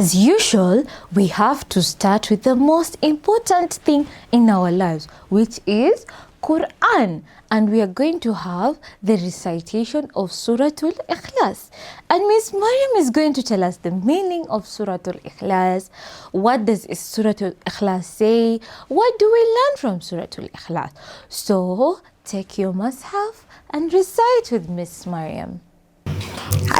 As usual, we have to start with the most important thing in our lives, which is Quran. And we are going to have the recitation of Suratul Ikhlas. And Miss Mariam is going to tell us the meaning of Suratul Ikhlas. What does Suratul Ikhlas say? What do we learn from Suratul Ikhlas? So take your must and recite with Miss Mariam.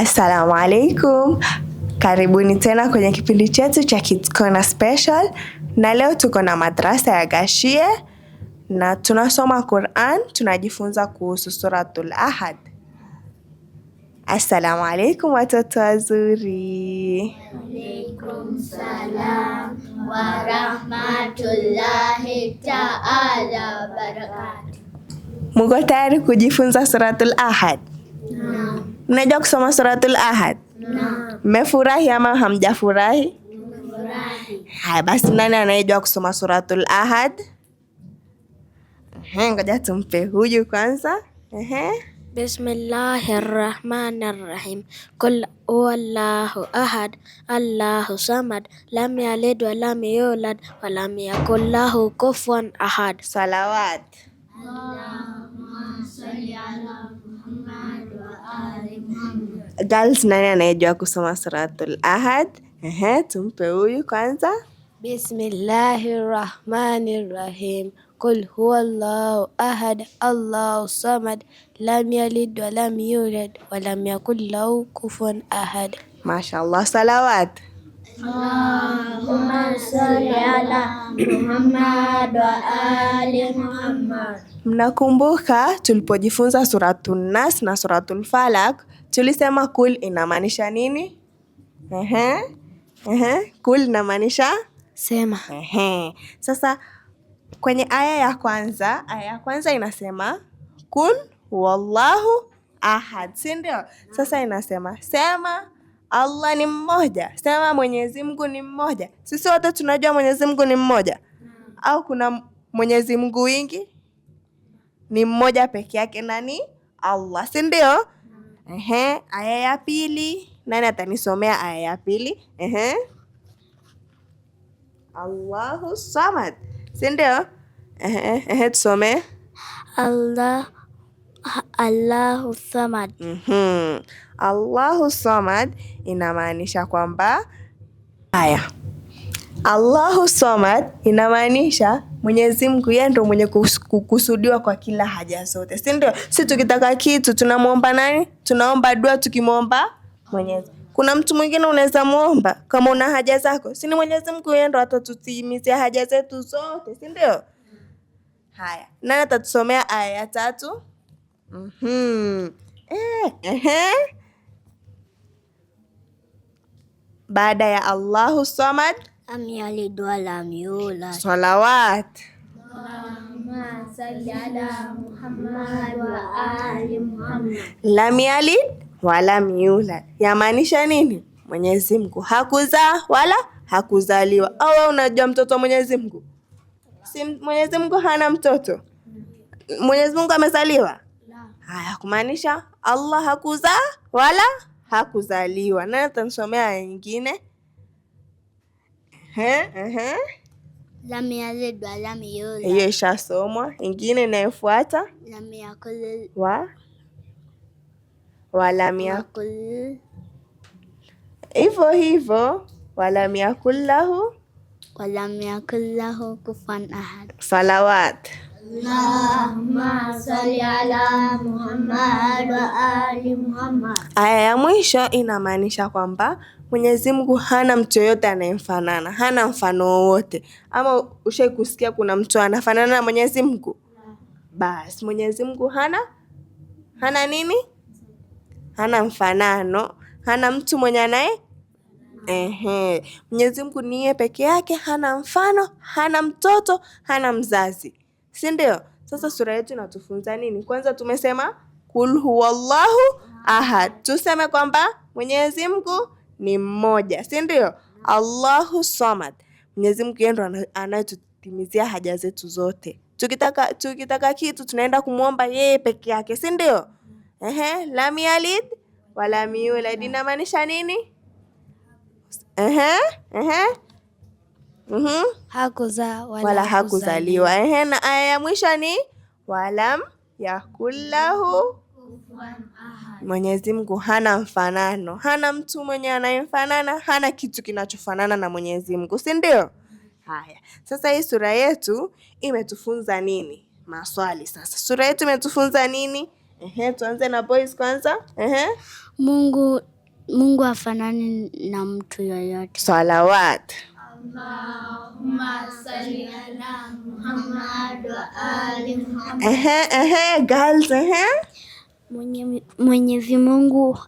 Assalamu alaikum. Karibuni tena kwenye kipindi chetu cha Kids Corner Special, na leo tuko na madrasa ya Gashie na tunasoma Quran, tunajifunza kuhusu Suratul Ahad. Assalamu alaikum watoto wazuri. Alaikum salam wa rahmatullahi taala tayari kujifunza Suratul Ahad? Naam. Mnajua kusoma Suratul Ahad? Naam. Mmefurahi ama hamjafurahi? Haya basi, nani anayejua kusoma Suratul Ahad? Ngoja tumpe huyu kwanza. Bismillahi rahmani rahim kul huwallahu ahad allahu samad lam yalid walam yulad walam yakul lahu kufuwan ahad. Salawat Allah. girls nani anayejua kusoma suratul Ahad? Ehe, tumpe huyu kwanza. Bismillahi rahmani rahim kul huwa llahu ahad Allahu samad lam yalid walam lam yulad wa lam lahu kufuwan ahad. Mashallah, salawat. Allahumma salli ala Muhammad wa ali Muhammad. Mnakumbuka tulipojifunza Suratul Nas na Suratul Falak tulisema kul inamaanisha nini? Ehe. Ehe. Kul inamaanisha sema. Ehe. Sasa kwenye aya ya kwanza, aya ya kwanza inasema kul wallahu ahad, si ndio? Sasa inasema sema Allah ni mmoja, sema Mwenyezi Mungu ni mmoja. Sisi wote tunajua Mwenyezi Mungu ni mmoja hmm. Au kuna Mwenyezi Mungu wingi? Ni mmoja peke yake, nani? Allah, si ndio? Ehe, aya ya pili, nani atanisomea aya ya pili? Ehe, Allahu Samad, si ndio? Ehe, ehe, tusomee Allah Allahu Samad. Mm Allahu Samad inamaanisha kwamba haya. Allahu Samad inamaanisha Mwenyezi Mungu yeye ndio mwenye kukusudiwa kwa kila haja zote, si ndio? Si tukitaka kitu tunamwomba nani? Tunaomba dua tukimwomba Mwenyezi. Kuna mtu mwingine unaweza muomba kama una haja zako, si ni Mwenyezi Mungu yeye ndio atatutimizia haja zetu zote, si ndio? Haya, nani atatusomea aya ya tatu? Mm-hmm. Eh, eh. Baada ya Allahu Samad, salawat lam yalid wa lam yulad, yamaanisha nini? Mwenyezi Mungu hakuzaa wala hakuzaliwa. Au wewe unajua mtoto wa Mwenyezi Mungu? Si Mwenyezi Mungu hana mtoto? Mwenyezi Mungu amezaliwa? Haya, kumaanisha Allah hakuzaa wala hakuzaliwa. Nani atanisomea aya nyingine? wa hiyo ishasomwa. Ingine inayofuata lam yakul wa walam hivyo hivyo walam yakul lahu lahu ahad. Salawat. Aya ya mwisho inamaanisha kwamba Mwenyezi Mungu hana mtu yoyote anayemfanana, hana mfano wowote. Ama ushai kusikia kuna mtu anafanana na Mwenyezi Mungu? Basi Mwenyezi Mungu hana hana nini? Hana mfanano, hana mtu mwenye anaye Ehe, Mwenyezi Mungu ni yeye peke yake, hana mfano, hana mtoto, hana mzazi si ndio? Sasa sura yetu inatufunza nini? Kwanza tumesema kul huwallahu ahad, tuseme kwamba Mwenyezi Mungu ni mmoja, si ndio? Allahu samad, Mwenyezi Mungu yeye ndo anayetutimizia haja zetu zote. Tukitaka tukitaka kitu tunaenda kumwomba yeye peke yake, si ndio? Ehe, lam yalid wala miulad inamaanisha nini? Ehe, ehe mm -hmm. Hakuza wala, wala hakuzaliwa. Ehe, na aya ya mwisho ni walam yakullahu Mwenyezi Mungu hana mfanano, hana mtu mwenye anayemfanana, hana kitu kinachofanana na Mwenyezi Mungu, si ndio? Haya, sasa hii sura yetu imetufunza nini? Maswali sasa, sura yetu imetufunza nini? Ehe, tuanze na boys kwanza. Ehe, Mungu Mungu hafanani na mtu yoyote. Salawat. Girls, Mwenyezi Mungu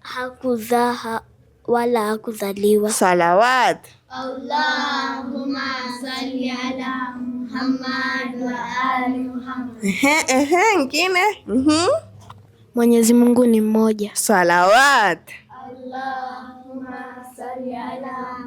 hakuzaa wala hakuzaliwa. Salawat. Allahumma salli ala Muhammad wa ali Muhammad. Ehe, ehe, ngine. Mhm. Mwenyezi Mungu ni mmoja. Salawat. Allahumma salli ala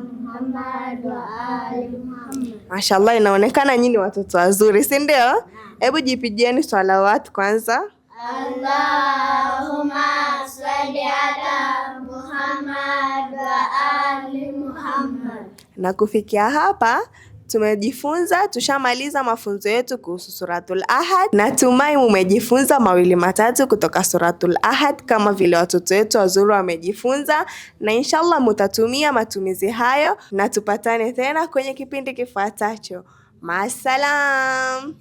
Mashallah, inaonekana nyinyi watoto wazuri, si ndio? Hebu jipigieni watu kwanza. Allahumma salli ala Muhammad wa ali Muhammad. Na kufikia hapa Tumejifunza, tushamaliza mafunzo yetu kuhusu Suratul Ahad. Natumai mumejifunza mawili matatu kutoka Suratul Ahad kama vile watoto wetu wazuri wamejifunza, na inshallah mutatumia matumizi hayo, na tupatane tena kwenye kipindi kifuatacho. Maasalam.